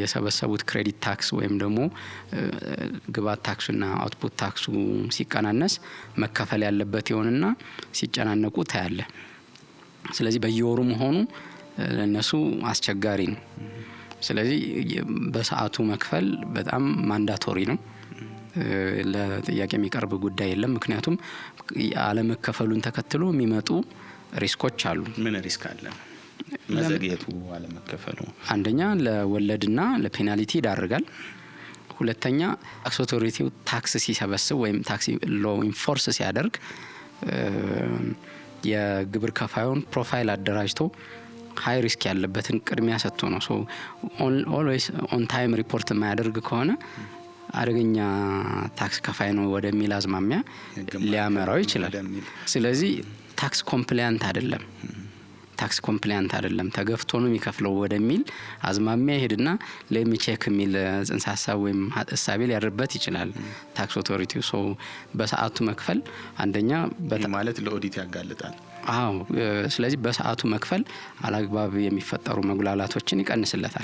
የሰበሰቡት ክሬዲት ታክስ ወይም ደግሞ ግባት ታክሱና አውትፑት ታክሱ ሲቀናነስ መከፈል ያለበት ይሆንና ሲጨናነቁ ታያለ። ስለዚህ በየወሩ መሆኑ ለእነሱ አስቸጋሪ ነው። ስለዚህ በሰዓቱ መክፈል በጣም ማንዳቶሪ ነው። ለጥያቄ የሚቀርብ ጉዳይ የለም። ምክንያቱም አለመከፈሉን ተከትሎ የሚመጡ ሪስኮች አሉ። ምን ሪስክ አለ? መዘግየቱ አለመከፈሉ አንደኛ ለወለድና ለፔናልቲ ይዳርጋል። ሁለተኛ ታክስ ኦቶሪቲው ታክስ ሲሰበስብ ወይም ታክ ሎ ኢንፎርስ ሲያደርግ የግብር ከፋዩን ፕሮፋይል አደራጅቶ ሀይ ሪስክ ያለበትን ቅድሚያ ሰጥቶ ነው። ሶ ኦልዌይስ ኦን ታይም ሪፖርት የማያደርግ ከሆነ አደገኛ ታክስ ከፋይ ነው ወደሚል አዝማሚያ ሊያመራው ይችላል። ስለዚህ ታክስ ኮምፕላያንት አይደለም። ታክስ ኮምፕላያንት አይደለም ተገፍቶ ነው የሚከፍለው ወደሚል አዝማሚያ ይሄድና ለሚቼክ የሚል ጽንሰ ሀሳብ ወይም እሳቤ ሊያድርበት ይችላል። ታክስ ኦቶሪቲ ሰው በሰዓቱ መክፈል አንደኛ ማለት ለኦዲት ያጋልጣል። አዎ። ስለዚህ በሰአቱ መክፈል አላግባብ የሚፈጠሩ መጉላላቶችን ይቀንስለታል።